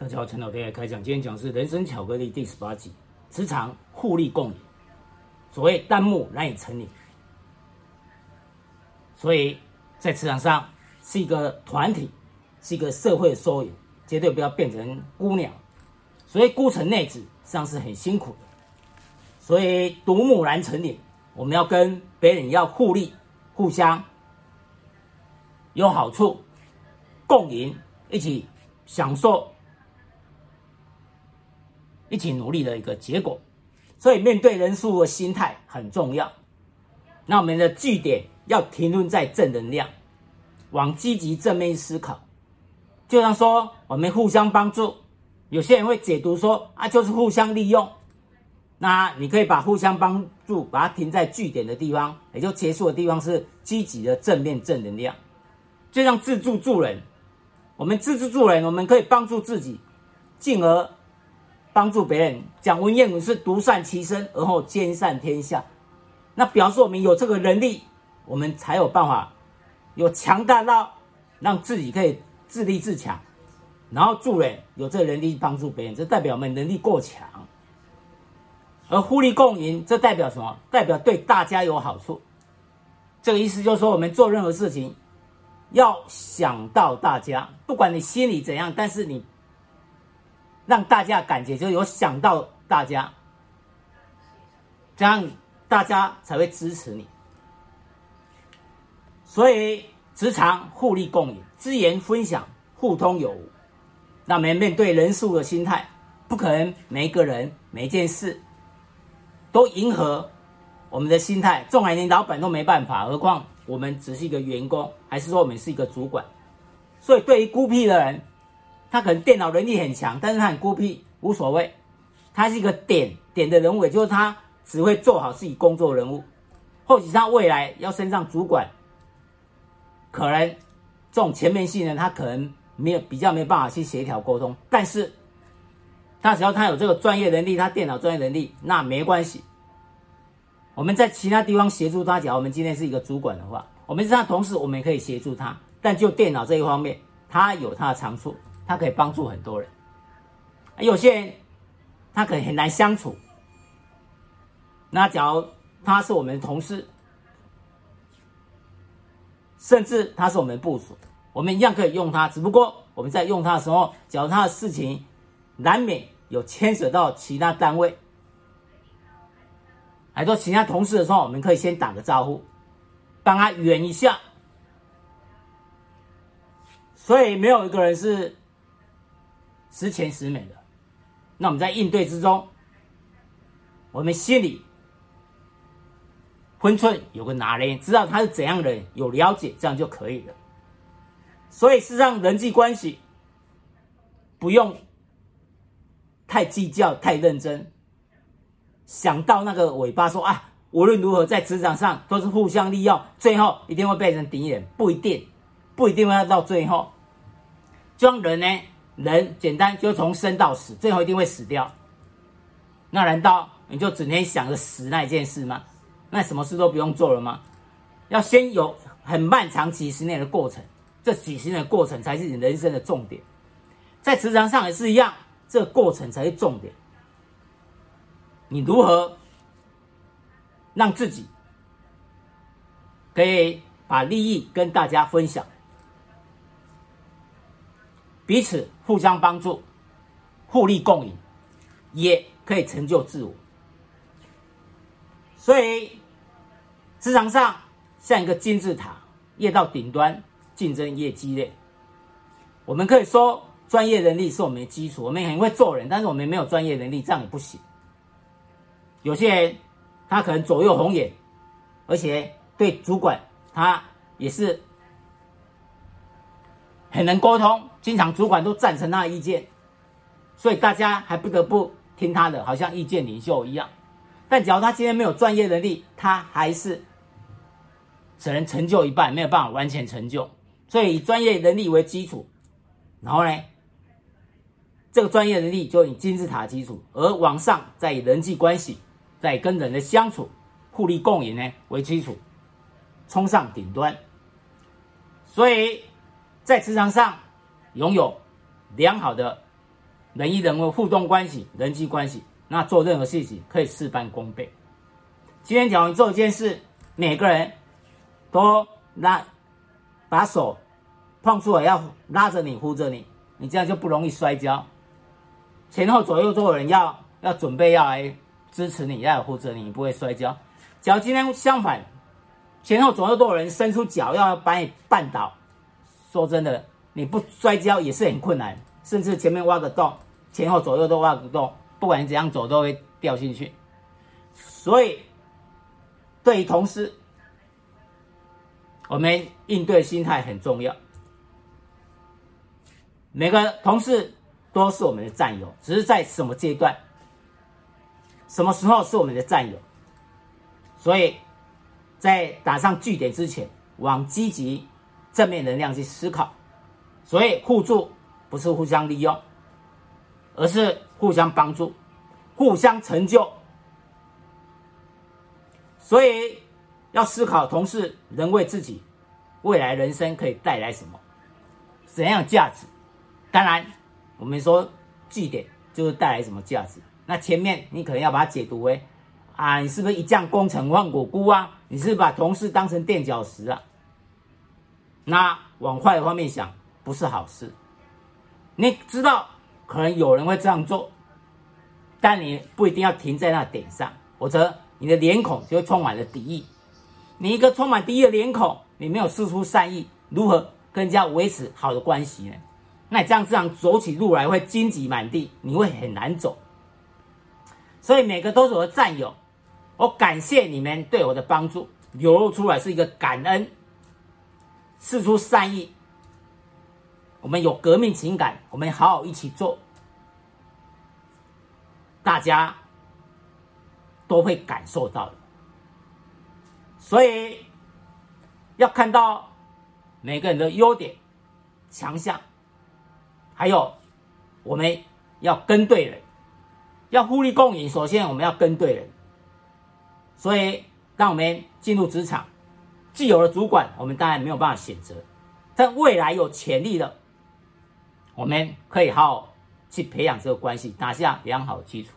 大家好，陳老天來開講。今天講的是人生巧克力第十八集：職場互利共贏。所謂獨木難以成林，所以在職場上是一個團體，是一個社會縮影，絕對不要變成孤鳥，所以孤城內子，實際上是很辛苦的。所以獨木難成林，我們要跟別人要互利，互相有好處，共贏，一起享受。一起努力的一個結果，所以面對人事物的心態很重要。那我們的句點要停頓在正能量，往積極正面思考。就像說我們互相幫助，有些人會解讀說啊就是互相利用。那你可以把互相幫助把它停在句點的地方，也就結束的地方是積極的正面正能量。就像自助助人，我們自助助人，我們可以幫助自己，進而。幫助別人，講文言文是獨善其身而後兼善天下，那表示我們有這個能力，我們才有辦法，有強大到讓自己可以自立自強，然後助人有這個能力幫助別人，這代表我們能力夠強。而互利共贏，這代表什麼？代表對大家有好處。這個意思就是說，我們做任何事情要想到大家，不管你心裡怎樣，但是你。讓大家感覺就有想到大家，這樣大家才會支持你。所以職場互利共贏，資源分享互通有無。那麼面對人事物的心態，不可能每一個人每一件事都迎合我們的心態。縱然連老闆都沒辦法，何況我們只是一個員工，還是說我們是一個主管？所以對於孤僻的人。他可能電腦能力很強，但是他很孤僻，無所謂。他是一個點點的人物，也就是他只會做好自己工作人物。或許他未來要升上主管，可能這種全面性的，他可能沒有比較沒辦法去協調溝通。但是，他只要他有這個專業能力，他電腦專業能力那沒關係。我們在其他地方協助他，假如我們今天是一個主管的話，我們是他同事，我們也可以協助他。但就電腦這一方面，他有他的長處。他可以幫助很多人。有些人他可能很難相處，那假如他是我們的同事，甚至他是我們的部屬，我們一樣可以用他。只不過我們在用他的時候，假如他的事情難免有牽扯到其他單位，還有其他同事的時候，我們可以先打個招呼，幫他圓一下。所以沒有一個人是十全十美的，那我們在應對之中，我們心裡分寸有個拿捏，知道他是怎樣的人，有了解，這樣就可以了。所以，事實上，人際關係不用太計較、太認真，想到那個尾巴說啊，無論如何，在職場上都是互相利用，最後一定會變成敵人，不一定，不一定會要到最後。裝人呢？人簡單就從生到死，最後一定會死掉。那難道你就整天想着死那件事嗎？那什麼事都不用做了嗎？要先有很漫長幾十年的過程，這幾十年的過程才是你人生的重點。在職場上也是一樣，這過程才是重點。你如何讓自己可以把利益跟大家分享？彼此互相幫助，互利共贏，也可以成就自我。所以，職場上像一個金字塔，越到頂端競爭越激烈。我們可以說，專業能力是我們的基礎。我們很會做人，但是我們沒有專業能力，這樣也不行。有些人他可能左右逢源，而且對主管他也是很能溝通。經常主管都贊成他的意見，所以大家還不得不聽他的，好像意見領袖一樣。但假如他今天沒有專業能力，他還是只能成就一半，沒有辦法完全成就。所以以專業能力為基礎，然後呢，這個專業能力就以金字塔基礎，而往上再以人際關係、再跟人的相處、互利共贏呢為基礎，衝上頂端。所以在職場上。擁有良好的人與人互動關係、人際關係，那做任何事情可以事半功倍。今天假如做一件事，每個人都拉把手，碰出來要拉着你、護着你，你這樣就不容易摔跤。前後左右都有人要要準備要來支持你、要來護着你，你不會摔跤。假如今天相反，前後左右都有人伸出腳要把你絆倒，說真的。你不摔跤也是很困難，甚至前面挖個洞，前後左右都挖個洞，不管你怎樣走都會掉進去。所以，對於同事，我們應對心態很重要。每個同事都是我們的戰友，只是在什麼階段、什麼時候是我們的戰友。所以，在打上句點之前，往積極、正面能量去思考。所以互助不是互相利用，而是互相幫助，互相成就。所以要思考同事能為自己未來人生可以帶來什麼，怎樣價值。當然，我們說句點就是帶來什麼價值。那前面你可能要把它解讀為啊，你是不是一將功成萬骨枯啊？你是不是把同事當成墊腳石啊？那往壞的方面想。不是好事，你知道，可能有人會這樣做，但你不一定要停在那點上，否則你的臉孔就會充滿了敵意。你一個充滿敵意的臉孔，你沒有釋出善意，如何跟人家維持好的關係呢？那你這樣這樣走起路來會荊棘滿地，你會很難走。所以，每個都是我的戰友，我感謝你們對我的幫助，流露出來是一個感恩，釋出善意。我們有革命情感，我們好好一起做，大家都會感受到的。所以要看到每個人的優點、強項，還有我們要跟對人，要互利共贏。首先我們要跟對人，所以當我們進入職場，既有了主管，我們當然沒有辦法選擇，但未來有潛力的。我們可以好好去培養這個關係，打下良好的基礎。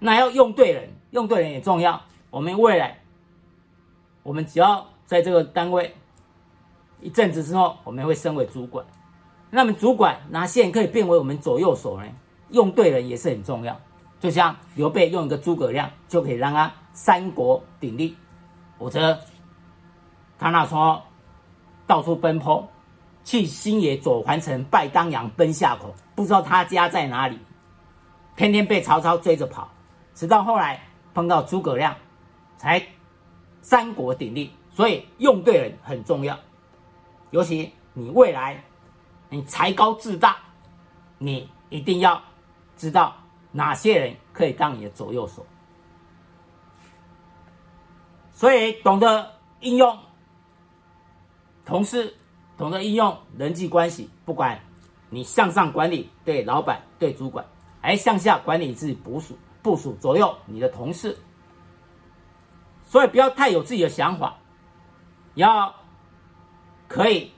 那要用對人，用對人也重要。我們未來，我們只要在這個單位一陣子之後，我們會升為主管。那麼主管拿線可以變為我們左右手呢，用對人也是很重要。就像劉備用一個諸葛亮，就可以讓他三國鼎立；否則，他那時候到處奔波。去新野、左環城、拜當陽、奔下口，不知道他家在哪裡，天天被曹操追着跑，直到後來碰到諸葛亮，才三國鼎立。所以用對人很重要，尤其你未來你才高志大，你一定要知道哪些人可以當你的左右手。所以懂得應用同事。懂得應用人際關係，不管你向上管理對老闆、對主管，哎，向下管理自己部屬、部屬左右你的同事，所以不要太有自己的想法，要可以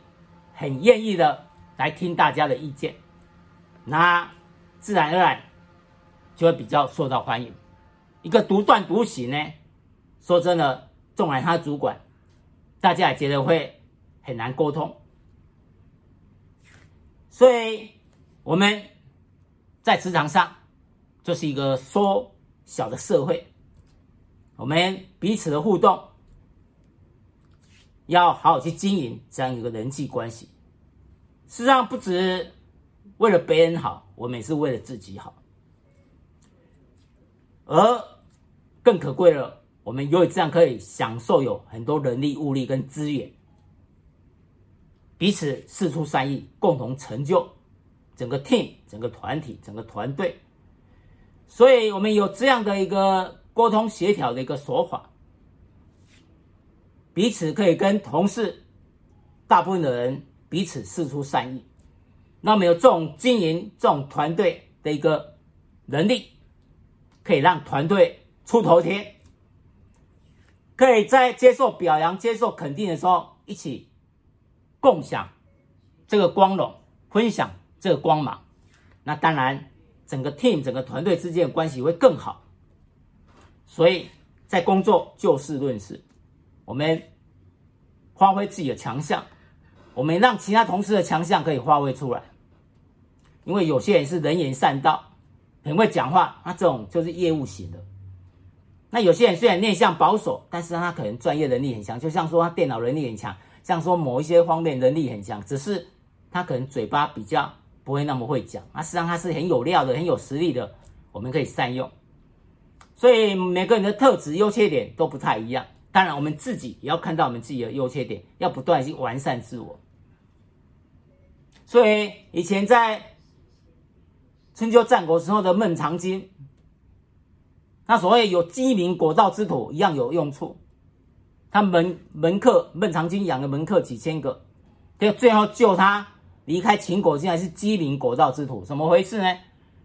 很願意的來聽大家的意見，那自然而然就會比較受到歡迎。一個獨斷獨行呢，說真的，縱然他主管，大家也覺得會很難溝通。所以我們在職場上就是一個縮小的社會，我們彼此的互動要好好去經營這樣一個人際關係。事實上，不止為了別人好，我們也是為了自己好，而更可貴的，我們由於這樣可以享受有很多人力物力跟資源。彼此釋出善意，共同成就整個 team、整個團體、整個團隊。所以，我們有這樣的一個溝通協調的一個說法：彼此可以跟同事，大部分的人彼此釋出善意。那麼，有這種經營、這種團隊的一個能力，可以讓團隊出頭天，可以在接受表揚、接受肯定的時候一起共享這個光榮，分享這個光芒，那當然整個 team 整個團隊之間的關係會更好。所以在工作就事論事，我們發揮自己的強項，我們讓其他同事的強項可以發揮出來。因為有些人是能言善道，很會講話，那這種就是業務型的。那有些人雖然內向保守，但是他可能專業能力很強，就像說他電腦能力很強。像說某一些方面能力很強，只是他可能嘴巴比較不會那麼會講，啊，實際上他是很有料的，很有實力的，我們可以善用。所以每個人的特質優缺點都不太一樣，當然我們自己也要看到我們自己的優缺點，要不斷去完善自我。所以以前在春秋戰國時候的孟嘗君，那所謂有雞鳴狗盜之徒一樣有用處。他門門客孟嘗君養的門客幾千個，就最後救他離開秦國，竟然是雞鳴狗盜之徒，怎麼回事呢？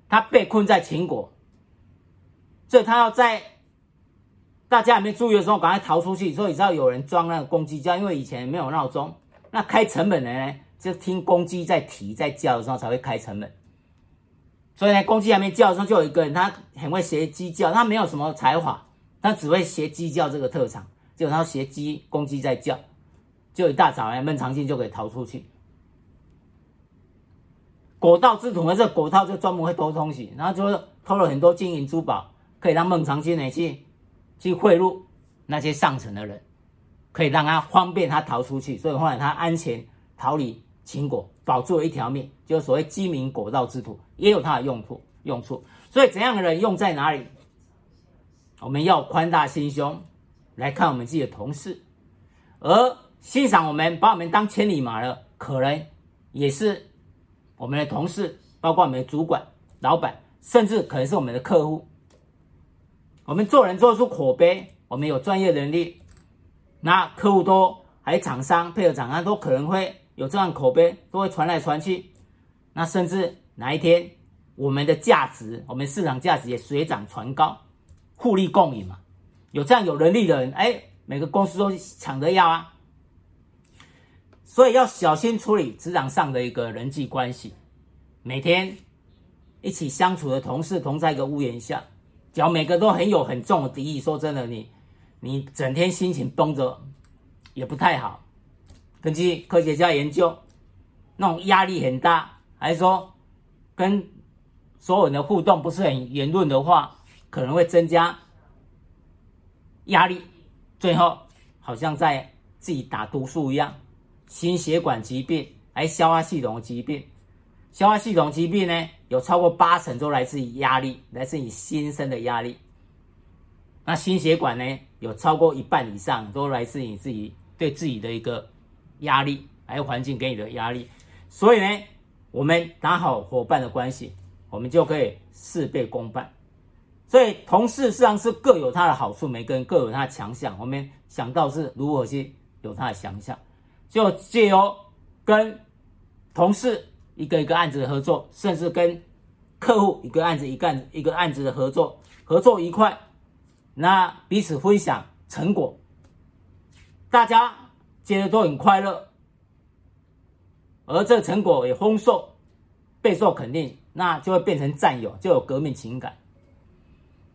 他被困在秦國，所以他要在大家還沒注意的時候，趕快逃出去。所以你知道有人裝那個公雞叫，因為以前沒有鬧鐘，那開城門的人呢，就聽公雞在啼在叫的時候才會開城門。所以呢，公雞還沒叫的時候，就有一個人他很會學雞叫，他沒有什麼才華，他只會學雞叫這個特長。就他學雞公雞在叫，就一大早哎，孟嘗君就可以逃出去。狗盜之徒，呢，這個、狗盜就專門會偷東西，然後就偷了很多金銀珠寶，可以讓孟嘗君去去賄賂那些上層的人，可以讓他方便他逃出去。所以後來他安全逃離秦國，保住了一條命。就所謂雞鳴狗盜之徒，也有它的用途用處。所以怎樣的人用在哪裡，我們要寬大心胸，來看我們自己的同事，而欣賞我們、把我們當千里馬的，可能也是我們的同事，包括我們的主管、老闆，甚至可能是我們的客戶。我們做人做出口碑，我們有專業能力，那客戶多，還有廠商配合，廠商都可能會有這樣口碑，都會傳來傳去。那甚至哪一天，我們的價值，我們市場價值也水漲船高，互利共贏嘛。有這樣有能力的人，哎，每個公司都搶着要啊。所以要小心處理職場上的一個人際關係。每天一起相處的同事同在一個屋檐下，只要每個都很有很重的敵意，說真的你，你你整天心情繃着也不太好。根據科學家研究，那種壓力很大，還是說跟所有人的互動不是很圓潤的話，可能會增加，壓力，最後好像在自己打毒素一樣，心血管疾病，還消化系統的疾病。消化系統疾病呢，有超過八成都來自於壓力，來自於你心身的壓力。那心血管呢，有超過一半以上都來自你自己對自己的一個壓力，還有環境給你的壓力。所以呢，我們打好夥伴的關係，我們就可以事倍功半。所以同事實際上是各有他的好處，每個人各有他的強項。我們想到是如何去有他的強項，就借由跟同事一個一個案子的合作，甚至跟客戶一個案子一個案子一個案子的合作，合作愉快，那彼此分享成果，大家覺得都很快樂，而這個成果也豐碩，備受肯定，那就會變成戰友，就有革命情感。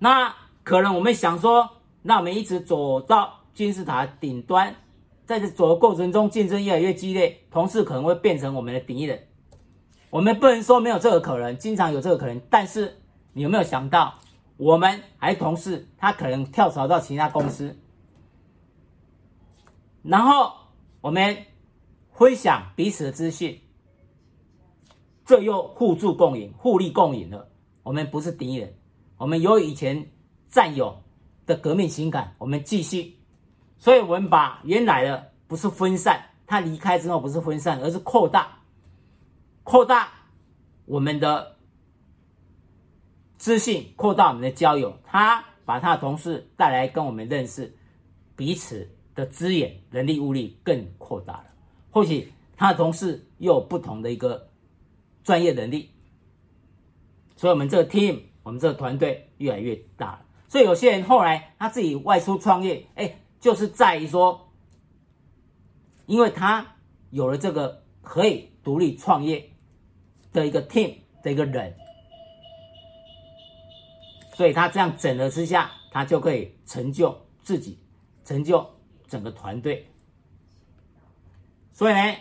那可能我們想說，那我們一直走到金字塔頂端，在這走的過程中，競爭越來越激烈，同事可能會變成我們的敵人。我們不能說沒有這個可能，經常有這個可能。但是你有沒有想到，我們還是同事，他可能跳槽到其他公司，然後我們分享彼此的資訊，這又互助共贏、互利共贏了。我們不是敵人。我們有以前戰友的革命情感，我們繼續，所以我們把原來的不是分散，他離開之後不是分散，而是擴大，擴大我們的自信，擴大我們的交友。他把他的同事帶來跟我們認識，彼此的資源、人力、物力更擴大了。或許他的同事又有不同的一個專業能力，所以我們這個 team。我們這個團隊越來越大了，所以有些人後來他自己外出創業，哎，就是在於說，因為他有了這個可以獨立創業的一個 team 的一個人，所以他這樣整合之下，他就可以成就自己，成就整個團隊。所以呢，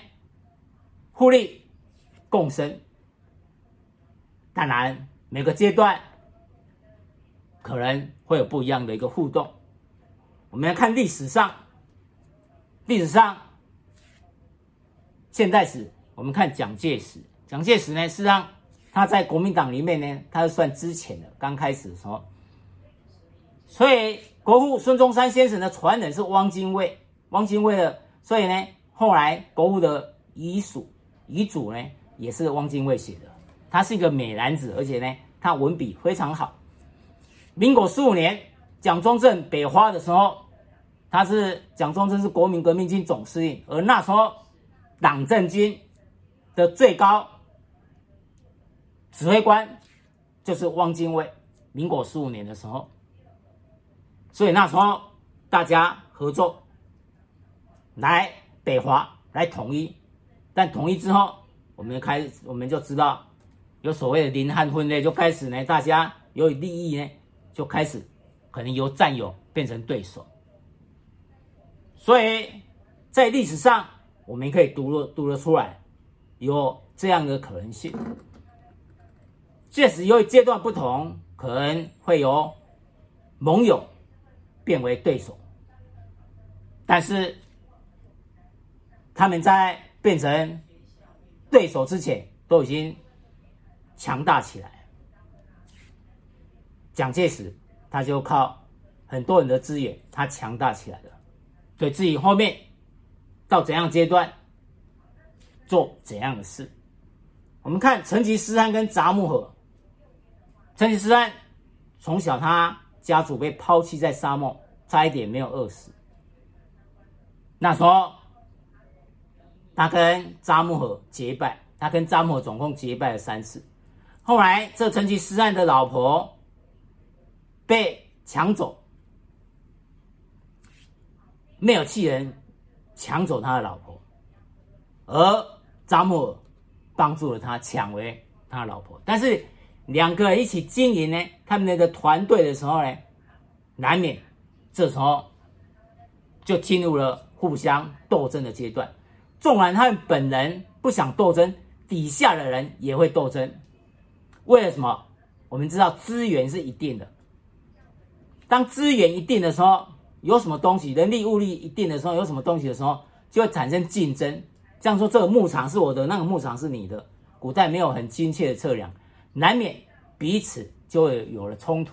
互利共生，當然每個階段。可能會有不一樣的一個互動。我們要看歷史上，歷史上，現代史。我們看蔣介石，蔣介石呢，實際上他在國民黨裡面呢，他是算之前的，剛開始的時候。所以國父孫中山先生的傳人是汪精衛，汪精衛的，所以呢，後來國父的遺屬遺囑呢，也是汪精衛寫的。他是一個美男子，而且呢，他文筆非常好。民國十五年，蔣中正北伐的時候，他是蔣中正是國民革命軍總司令，而那時候，黨政軍的最高指揮官就是汪精衛。民國十五年的時候，所以那時候大家合作來北伐，來統一。但統一之後，我們就開始，我們就知道有所謂的林漢分裂，就開始呢，大家由於利益呢。就開始，可能由戰友變成對手，所以在歷史上，我們可以讀了讀得出來，有這樣的可能性。即使因為階段不同，可能會由盟友變為對手，但是他們在變成對手之前，都已經強大起來。蔣介石，他就靠很多人的資源，他強大起來了，對自己後面到怎樣階段，做怎樣的事。我們看成吉思汗跟札木合。成吉思汗從小他家族被拋棄在沙漠，差一點沒有餓死。那時候他跟札木合結拜，他跟札木合總共結拜了三次。後來這成吉思汗的老婆。被搶走，沒有氣人，搶走他的老婆，而扎木爾幫助了他搶回他的老婆。但是兩個人一起經營呢，他們那個團隊的時候呢，難免這時候就進入了互相鬥爭的階段。縱然他們本人不想鬥爭，底下的人也會鬥爭。為了什麼？我們知道資源是一定的。當資源一定的時候，有什麼東西？人力物力一定的時候，有什麼東西的時候，就會產生競爭。這樣說，這個牧場是我的，那個牧場是你的。古代沒有很精確的測量，難免彼此就會有了衝突。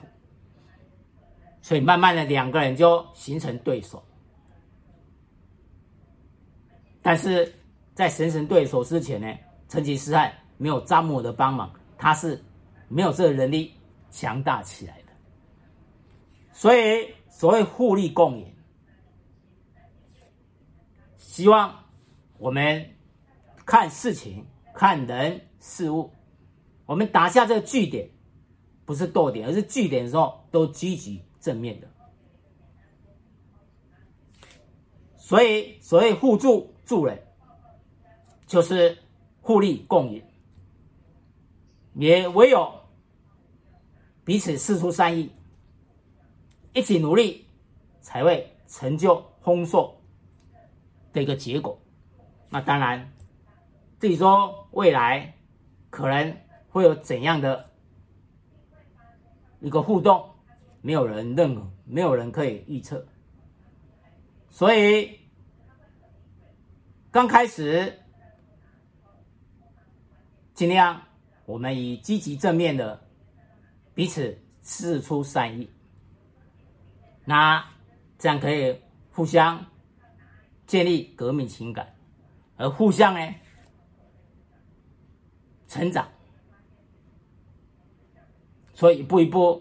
所以慢慢的，兩個人就形成對手。但是在形成對手之前呢，成吉思汗沒有札木合的幫忙，他是沒有這個能力強大起來。所以，所謂互利共贏，希望我們看事情、看人事物，我們打下這個句點，不是逗點，而是句點的時候都積極正面的。所以，所謂互助助人，就是互利共贏。也唯有彼此釋出善意。一起努力，才會成就豐碩的一個結果。那當然，至於說未來可能會有怎樣的一個互動，沒有人認可，沒有人可以預測。所以，剛開始，盡量我們以積極正面的彼此釋出善意。那這樣可以互相建立革命情感，而互相呢成長，所以一步一步，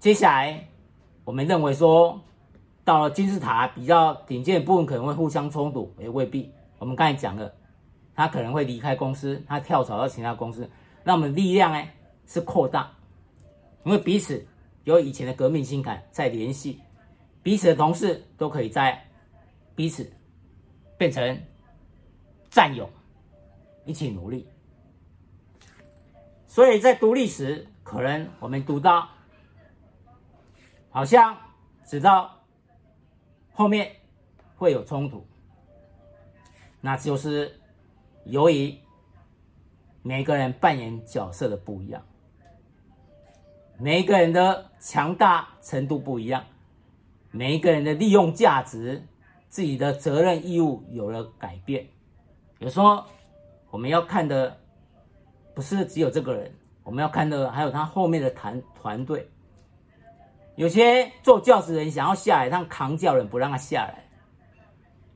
接下來我們認為說到了金字塔比較頂尖的部分，可能會互相衝突，也未必。我們剛才講了，他可能會離開公司，他跳槽到其他公司，那我們力量呢是擴大，因為彼此。有以前的革命情感在聯繫，彼此的同事都可以在彼此變成戰友，一起努力。所以在讀歷史，可能我們讀到好像知道後面會有衝突，那就是由於每個人扮演角色的不一樣。每一個人的強大程度不一樣，每一個人的利用價值、自己的責任義務有了改變。有時候我們要看的不是只有這個人，我們要看的還有他後面的團團隊。有些做教職人想要下來，他扛教人不讓他下來。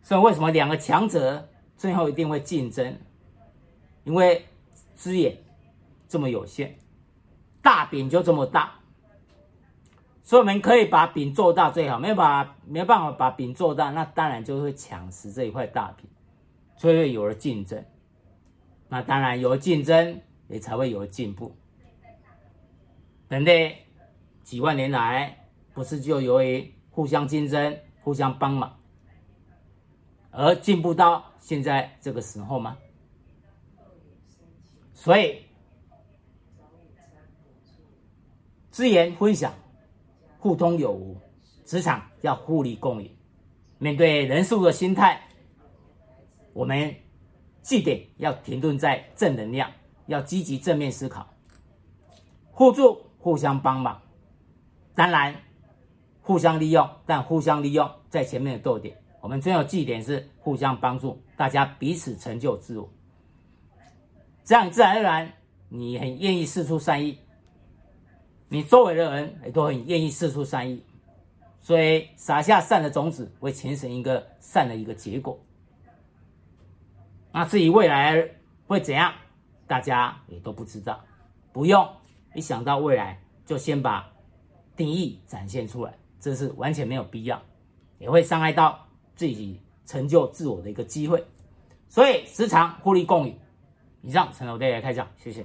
所以為什麼兩個強者最後一定會競爭？因為資源這麼有限。大餅就這麼大，所以我們可以把餅做大最好，沒有把沒辦法把餅做大，那當然就會搶食這一塊大餅，所以會有了競爭。那當然有了競爭，也才會有進步。人類幾萬年來，不是就由於互相競爭、互相幫忙，而進步到現在這個時候嗎？所以。資源分享，互通有無，職場要互利共贏。面對人事物的心態，我們句點要停頓在正能量，要積極正面思考，互助互相幫忙。當然，互相利用，但互相利用在前面的逗點。我們最有句點是互相幫助，大家彼此成就自我。這樣自然而然，你很願意釋出善意。你周圍的人也都很願意釋出善意，所以撒下善的種子，會形成一個善的一個結果。那至於未來會怎樣，大家也都不知道。不用一想到未來，就先把定義展現出來，這是完全沒有必要，也會傷害到自己成就自我的一個機會。所以，時常互利共贏。以上，陳老大來開講，謝謝。